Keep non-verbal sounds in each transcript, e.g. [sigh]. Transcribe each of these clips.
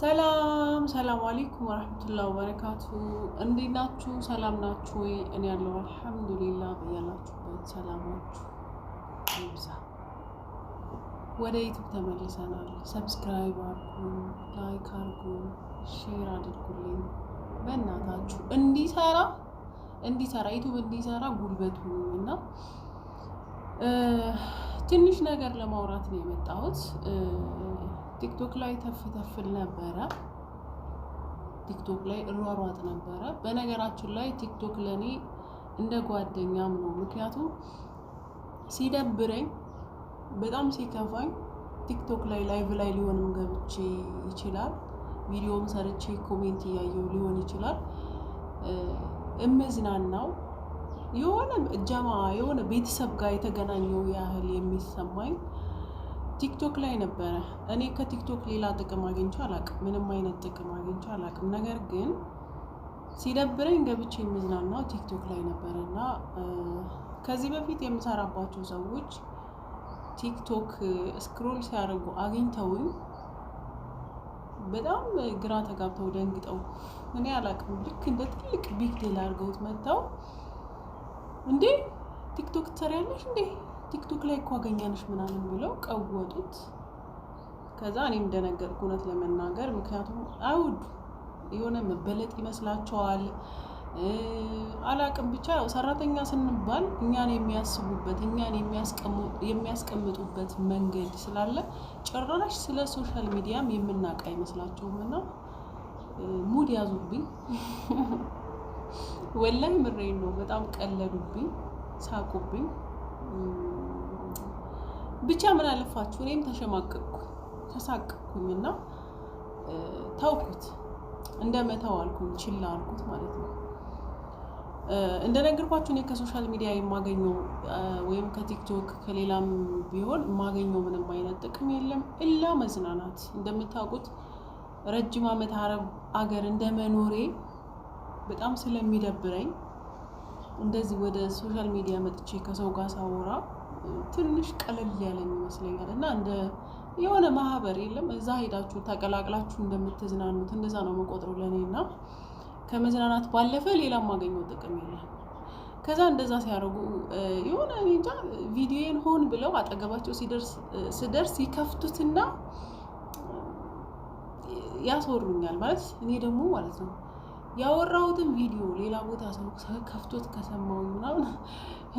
ሰላም ሰላም አለይኩም ወራህመቱላሂ ወበረካቱ። እንዴት ናችሁ? ሰላም ናችሁ ወይ? እኔ ያለው አልሐምዱሊላህ። በያላችሁበት ሰላማችሁ ይብዛ። ወደ ዩቲዩብ ተመልሰናል። ሰብስክራይብ አድርጉ፣ ላይክ አድርጉ፣ ሼር አድርጉልኝ በእናታችሁ። እንዲሰራ እንዲሰራ ዩቲዩብ እንዲሰራ ጉልበቱ እና ትንሽ ነገር ለማውራት ነው የመጣሁት። ቲክቶክ ላይ ተፍ ተፍል ነበረ፣ ቲክቶክ ላይ እሯሯጥ ነበረ። በነገራችን ላይ ቲክቶክ ለእኔ እንደ ጓደኛም ነው። ምክንያቱም ሲደብረኝ በጣም ሲከፋኝ ቲክቶክ ላይ ላይቭ ላይ ሊሆንም ገብቼ ይችላል፣ ቪዲዮም ሰርቼ ኮሜንት እያየው ሊሆን ይችላል እምዝናናው የሆነ ጀማ የሆነ ቤተሰብ ጋር የተገናኘው ያህል የሚሰማኝ ቲክቶክ ላይ ነበረ። እኔ ከቲክቶክ ሌላ ጥቅም አግኝቼ አላቅም፣ ምንም አይነት ጥቅም አግኝቼ አላቅም። ነገር ግን ሲደብረኝ ገብቼ የምዝናናው ቲክቶክ ላይ ነበረ እና ከዚህ በፊት የምሰራባቸው ሰዎች ቲክቶክ ስክሮል ሲያደርጉ አግኝተውኝ በጣም ግራ ተጋብተው ደንግጠው እኔ አላቅም ልክ እንደ ትልቅ ቢግ ድል አድርገውት መጥተው እንዴ ቲክቶክ ትሰሪያለሽ እንዴ ቲክቶክ ላይ እኮ አገኛለሽ ምናምን ብለው ቀወጡት። ከዛ እኔ እንደነገርኩ እውነት ለመናገር ምክንያቱም አይወዱ የሆነ መበለጥ ይመስላቸዋል። አላቅም ብቻ ሰራተኛ ስንባል እኛን የሚያስቡበት እኛን የሚያስቀምጡበት መንገድ ስላለ ጭራሽ ስለ ሶሻል ሚዲያም የምናውቅ አይመስላቸውም እና ሙድ ያዙብኝ። [laughs] ወላይ ምሬን ነው። በጣም ቀለዱብኝ፣ ሳቁብኝ። ብቻ ምን አለፋችሁ እኔም ተሸማቀቅኩ፣ ተሳቀቅኩኝ እና ታውኩት እንደ መተው አልኩኝ፣ ችላ አልኩት ማለት ነው። እንደነገርኳችሁ እኔ ከሶሻል ሚዲያ የማገኘው ወይም ከቲክቶክ ከሌላም ቢሆን የማገኘው ምንም አይነት ጥቅም የለም፣ እላ መዝናናት። እንደምታውቁት ረጅም ዓመት አረብ አገር እንደመኖሬ በጣም ስለሚደብረኝ እንደዚህ ወደ ሶሻል ሚዲያ መጥቼ ከሰው ጋር ሳወራ ትንሽ ቀለል ያለኝ ይመስለኛል። እና እንደ የሆነ ማህበር የለም እዛ ሄዳችሁ ተቀላቅላችሁ እንደምትዝናኑት እንደዛ ነው መቆጥረው ለእኔ እና ከመዝናናት ባለፈ ሌላ ማገኘው ጥቅም የለም። ከዛ እንደዛ ሲያደርጉ የሆነ እንጃ ቪዲዮን ሆን ብለው አጠገባቸው ስደርስ ይከፍቱትና ያስወሩኛል። ማለት እኔ ደግሞ ማለት ነው ያወራሁትን ቪዲዮ ሌላ ቦታ ሰው ከፍቶት ከሰማው ምናምን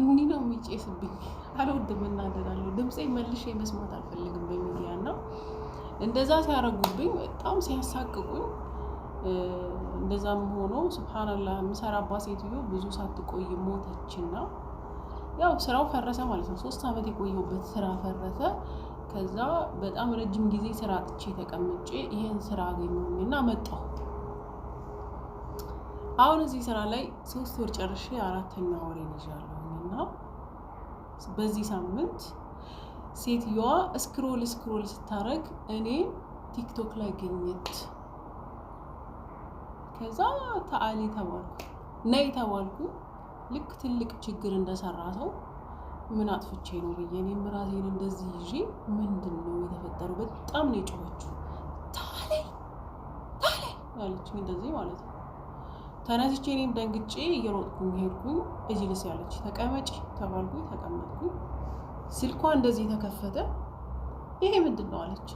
እንዲህ ነው የሚጨስብኝ። አልወድም፣ እናደዳለሁ። ድምፄ መልሼ መስማት አልፈልግም በሚዲያ እና እንደዛ ሲያረጉብኝ በጣም ሲያሳቅቁኝ፣ እንደዛም ሆኖ ስብሓንላ የምሰራባት ሴትዮ ብዙ ሳትቆይ ሞተችና ያው ስራው ፈረሰ ማለት ነው። ሶስት ዓመት የቆየሁበት ስራ ፈረሰ። ከዛ በጣም ረጅም ጊዜ ስራ አጥቼ ተቀምጬ ይሄን ስራ አገኘሁኝ እና መጣሁ አሁን እዚህ ስራ ላይ ሶስት ወር ጨርሼ አራተኛ ወር ይዣለሁ እና በዚህ ሳምንት ሴትዮዋ ስክሮል ስክሮል ስታረግ እኔ ቲክቶክ ላይ ገኘት። ከዛ ተአሊ ተባልኩ፣ ነይ ተባልኩ። ልክ ትልቅ ችግር እንደሰራ ሰው ምን አጥፍቼ ነው ብዬ እኔም ራሴን እንደዚህ ይዤ ምንድን ነው የተፈጠረው? በጣም ነው የጮኸችው። ታላይ ታላይ አለችኝ እንደዚህ ማለት ነው ተነስቼ እኔም ደንግጬ እየሮጥኩኝ ሄድኩኝ። ልስ ያለች ተቀመጭ ተባልኩኝ። ተቀመጥኩኝ። ስልኳ እንደዚህ ተከፈተ። ይሄ ምንድን ነው አለች።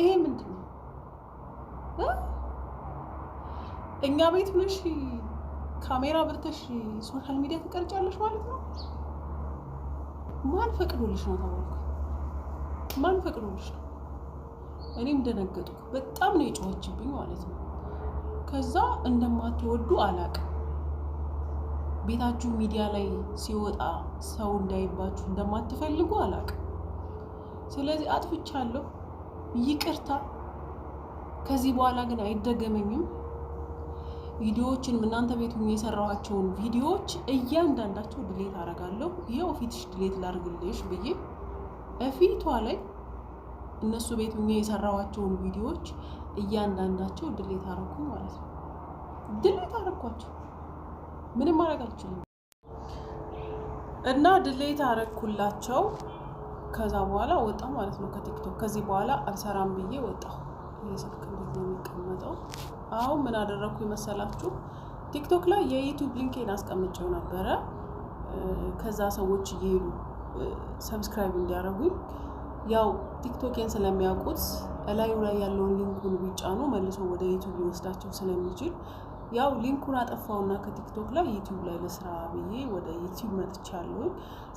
ይሄ ምንድን ነው እኛ ቤት ሆነሽ ካሜራ ብርተሽ ሶሻል ሚዲያ ትቀርጫለሽ ማለት ነው? ማን ፈቅዶልሽ ነው ተባልኩ። ማን ፈቅዶልሽ ነው? እኔም ደነገጥኩ። በጣም ነው የጮኸችብኝ ማለት ነው። ከዛ እንደማትወዱ አላቅም። ቤታችሁ ሚዲያ ላይ ሲወጣ ሰው እንዳይባችሁ እንደማትፈልጉ አላቅም። ስለዚህ አጥፍቻለሁ፣ ይቅርታ፣ ከዚህ በኋላ ግን አይደገመኝም። ቪዲዮዎችን እናንተ ቤቱ የሰራኋቸውን ቪዲዮዎች እያንዳንዳቸው ድሌት አደርጋለሁ። ይኸው ፊትሽ ድሌት ላድርግልሽ ብዬ እፊቷ ላይ እነሱ ቤቱ የሰራኋቸውን ቪዲዮዎች እያንዳንዳቸው ድሌት አረኩ ማለት ነው። ድሌት አረኳቸው። ምንም ማድረግ አልችልም እና ድሌት አረኩላቸው። ከዛ በኋላ ወጣሁ ማለት ነው ከቲክቶክ። ከዚህ በኋላ አልሰራም ብዬ ወጣሁ። ይህ ስልክ እንዴት ነው የሚቀመጠው? አሁን ምን አደረግኩ ይመሰላችሁ? ቲክቶክ ላይ የዩቲዩብ ሊንኬን አስቀምጨው ነበረ። ከዛ ሰዎች እየሄዱ ሰብስክራይብ እንዲያደርጉኝ ያው ቲክቶኬን ስለሚያውቁት እላዩ ላይ ያለውን ሊንኩን ቢጫኑ መልሶ ወደ ዩቱብ ሊወስዳቸው ስለሚችል ያው ሊንኩን አጠፋውና ከቲክቶክ ላይ ዩቲዩብ ላይ ለስራ ብዬ ወደ ዩቲዩብ መጥቻለሁኝ።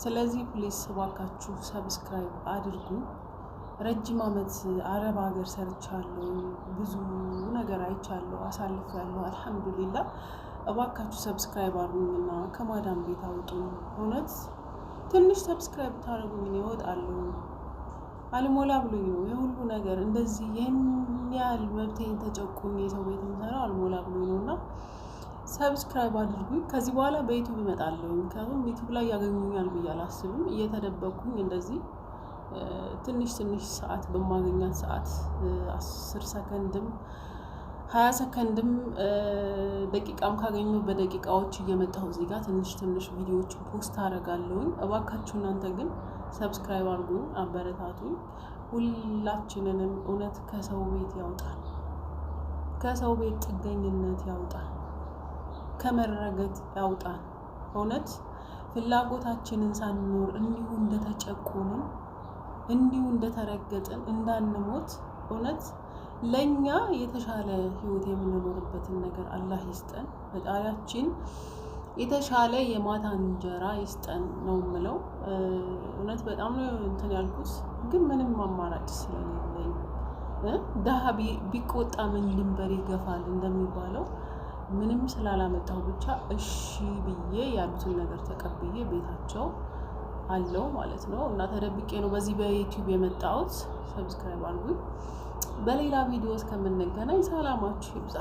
ስለዚህ ፕሊስ እባካችሁ ሰብስክራይብ አድርጉ። ረጅም ዓመት አረብ ሀገር ሰርቻለሁ፣ ብዙ ነገር አይቻለሁ፣ አሳልፌያለሁ። አልሐምዱሊላ። እባካችሁ ሰብስክራይብ አድርጉኝና ከማዳም ቤት አውጡ። እውነት ትንሽ ሰብስክራይብ ታደረጉኝ ይወጣለሁ። አልሞላ ብሎኝ ነው የሁሉ ነገር እንደዚህ ይህን ያህል መብቴን ተጨቁኝ የሰው ቤት የምሰራው አልሞላ ብሎኝ ነው እና ሰብስክራይብ አድርጉኝ። ከዚህ በኋላ በዩቱብ እመጣለሁ። ምክንያቱም ዩቱብ ላይ ያገኙኛል ብዬ አላስብም። እየተደበቅኩኝ እንደዚህ ትንሽ ትንሽ ሰዓት በማገኛት ሰዓት አስር ሰከንድም ሀያ ሰከንድም ደቂቃም ካገኙ በደቂቃዎች እየመጣሁ እዚህ ጋር ትንሽ ትንሽ ቪዲዮዎች ፖስት አደርጋለሁኝ። እባካችሁ እናንተ ግን ሰብስክራይብ አድርጉኝ፣ አበረታቱኝ። ሁላችንንም እውነት ከሰው ቤት ያውጣል፣ ከሰው ቤት ጥገኝነት ያውጣል፣ ከመረገጥ ያውጣል። እውነት ፍላጎታችንን ሳንኖር እንዲሁ እንደተጨቆንን እንዲሁ እንደተረገጥን እንዳንሞት እውነት ለእኛ የተሻለ ህይወት የምንኖርበትን ነገር አላህ ይስጠን። ፈጣሪያችን የተሻለ የማታ እንጀራ ይስጠን ነው የምለው። እውነት በጣም ነው እንትን ያልኩት፣ ግን ምንም አማራጭ ስለሌለኝ ድሀ ቢቆጣ ምን ድንበር ይገፋል እንደሚባለው ምንም ስላላመጣሁ ብቻ እሺ ብዬ ያሉትን ነገር ተቀብዬ ቤታቸው አለው ማለት ነው። እና ተደብቄ ነው በዚህ በዩቲዩብ የመጣሁት። ሰብስክራይብ አድርጉኝ። በሌላ ቪዲዮ እስከምንገናኝ ሰላማችሁ ይብዛ።